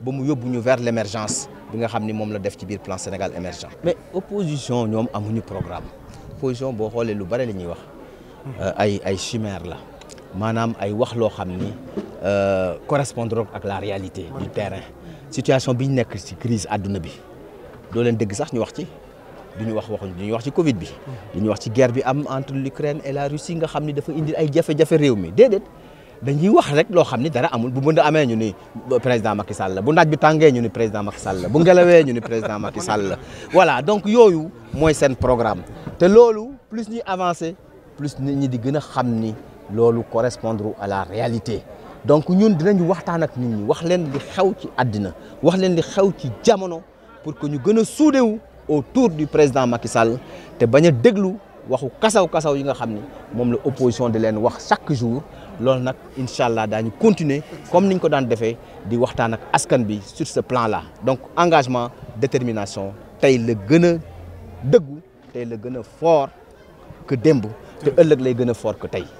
ba mu yóbbu ñu vers l' émergence bi nga xam ni moom la def ci biir plan Sénégal émergent mais opposition ñoom amuñu programme opposition boo xoolee lu bare la ñuy wax euh, ay ay chimère la maanaam ay wax loo xam ni euh, correspondre ak la réalité du terrain situation bi ñu nekk ci crise àdduna bi doo leen dëgg sax ñu wax ci du wax waxuñ du ñu wax ci Covid bi du wax ci guerre bi am entre l'Ukraine et la Russie nga xam ni dafa indil ay jafe-jafe réew mi dañuy wax rek loo xam ni dara amul bu mën a amee ñu ni président Macky Sall la bu naaj bi tàngee ñu ni président Macky Sall la bu ngelawee ñu ni président Macky Sall la voilà donc yooyu mooy seen programme te loolu plus ñuy avancer plus nit ñi di gën a xam ni loolu correspondre à la réalité donc ñun dinañu waxtaan ak nit ñi wax leen li xew ci àddina wax leen li xew ci jamono pour que ñu gën a soudé wu autour du président Macky Sall te bañ a déglu waxu kasaw-kasaw yi nga xam ni moom la opposition di leen wax chaque jour loolu nag incha allah daañu continuer comme niñ ko daan defee di waxtaan ak askan bi sur ce plan là donc engagement détermination tey le gën a dëggu tey la gën fort que démb te ëllëg lay gën fort que tey